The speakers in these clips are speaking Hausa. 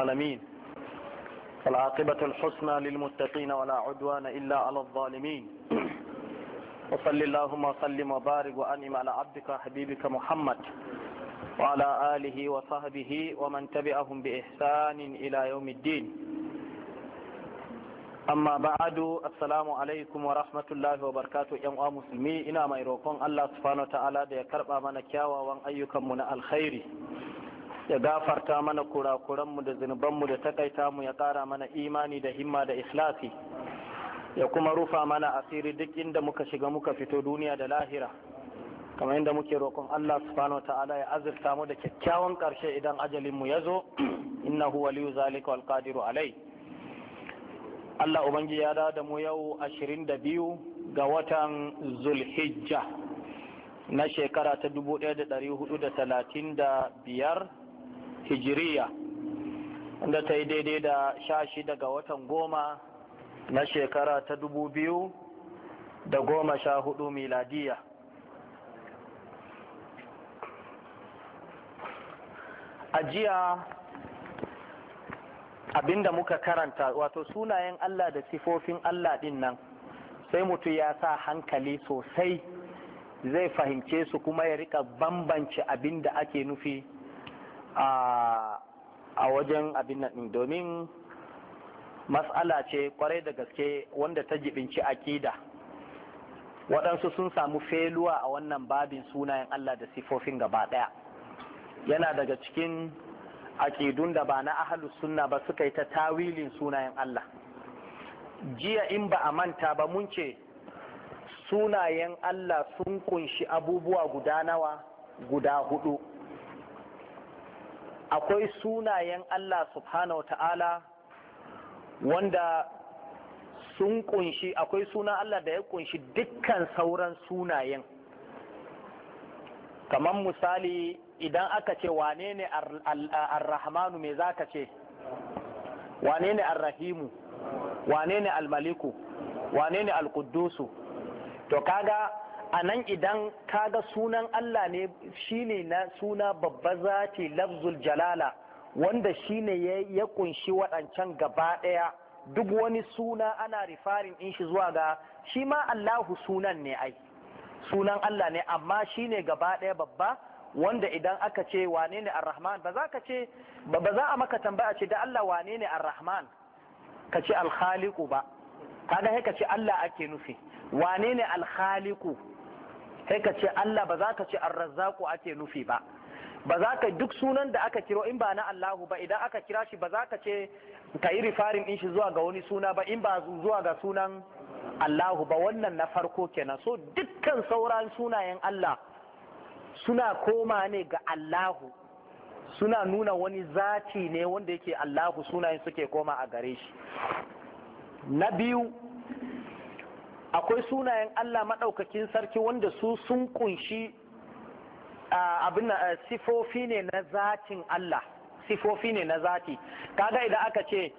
العالمين العاقبة الحسنى للمتقين ولا عدوان إلا على الظالمين وصل اللهم وسلم وبارك وأنعم على عبدك وحبيبك محمد وعلى آله وصحبه ومن تبعهم بإحسان إلى يوم الدين أما بعد السلام عليكم ورحمة الله وبركاته يا مسلمين إنا ما يروقون الله سبحانه وتعالى دي كربا من كياوا وان أيكم من الخير ya gafarta mana kurakuranmu da zunubanmu da takaita mu ya kara mana imani da himma da ikhlasi ya kuma rufa mana asiri duk inda muka shiga muka fito duniya da lahira kamar inda muke roƙon Allah subhanahu wa ta'ala ya azurta mu da kyakkyawan ƙarshe idan ajalin mu ya zo innahu waliyu zalika wal qadiru alai Allah ubangi ya da da mu yau 22 ga watan Zulhijja na shekara ta 1435 hijiriya da ta yi daidai da sha shi daga watan goma na shekara ta dubu biyu da goma sha hudu miladiya ajiya abinda muka karanta wato sunayen Allah da sifofin Allah din nan sai mutum ya sa hankali sosai zai fahimce su kuma ya rika bambance abinda ake nufi a wajen abin nan domin matsala ce kwarai da gaske wanda ta jibinci akida waɗansu sun samu feluwa a wannan babin sunayen Allah da sifofin gaba ɗaya yana daga cikin akidun da ba na ahalu sunna ba suka yi ta tawilin sunayen Allah jiya in ba a manta ba mun ce sunayen Allah sun kunshi abubuwa guda nawa guda hudu akwai sunayen Allah subhanahu ta'ala wanda sun kunshi akwai sunan Allah da ya kunshi dukkan sauran sunayen kamar misali idan aka ce wane ne ar-rahmanu me za ka ce wane ne ar-rahimu wane ne al-maliku wane ne al-quddusu to kaga a nan idan ka ga sunan Allah ne ne na suna babba zati lafzul jalala wanda ne ya kunshi waɗancan gaba ɗaya duk wani suna ana rifarin in shi zuwa ga shi ma Allahu sunan ne ai sunan Allah ne amma shi gaba ɗaya babba wanda idan aka ce wane ne ar-rahman ba za ka ce ba za a maka tambaya ce da Allah wane ne ar-rahman ka ce al-khaliqu ba kaga sai ka ce Allah ake nufi wane ne al-khaliqu sai ka ce Allah ba za ka ce arrazzaku ake nufi ba ba za ka duk sunan da aka kiro in ba na Allahu ba idan aka kira shi ba za ka ce ka yi rifarin in shi zuwa ga wani suna ba in ba zuwa ga sunan Allahu ba wannan na farko kenan so dukkan sauran sunayen Allah suna koma ne ga Allahu suna nuna wani zati ne wanda yake Allahu sunayen suke koma a gare shi na biyu akwai sunayen Allah maɗaukakin sarki wanda su sun kunshi abin sifofi ne na zatin Allah sifofi ne na zati kaga idan aka ce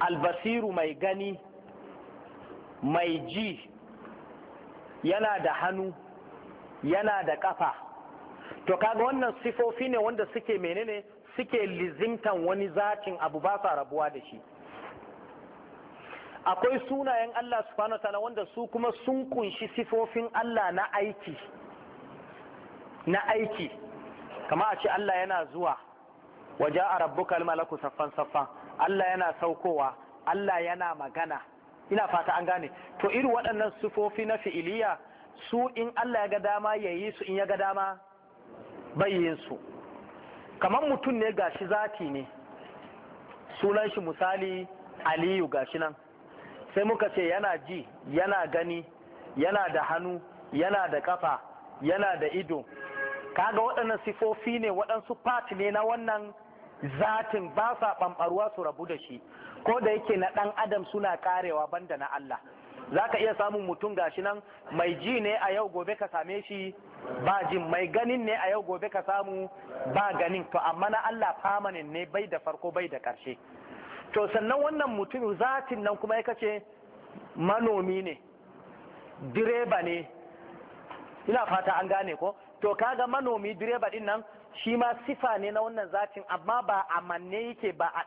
albasiru mai gani mai ji yana da hannu yana da ƙafa to kaga wannan sifofi ne wanda suke menene suke lizimtan wani zatin abu ba sa rabuwa da shi akwai sunayen Allah subhanahu wataala wanda su kuma sun kunshi sifofin Allah na aiki na aiki kama a ce Allah yana zuwa waje a rabbuka malaku saffan saffan Allah yana saukowa Allah yana magana ina fata an gane to iri waɗannan sifofi na fi'iliya su in Allah ya ga dama ya yi su in ya ga dama bayyin su kamar mutum ne gashi zati ne sunan shi misali aliyu gashi nan sai muka ce yana ji yana gani yana da hannu yana da kafa yana da ido kaga waɗannan sifofi ne waɗansu part ne na wannan zatin ba sa ɓamɓarwa su rabu da shi ko da yake na ɗan adam suna ƙarewa banda na Allah za ka iya samun mutum gashi nan mai ji ne a yau gobe ka same shi ba jin mai ganin ne a yau gobe ka samu ba ganin to amma na Allah famanin ne bai da farko bai da ƙarshe to sannan wannan mutum zatin nan kuma ya kace manomi ne direba ne ina fata an gane ko to kaga manomi direba din nan shi ma sifa ne na wannan zatin amma ba a manne yake ba a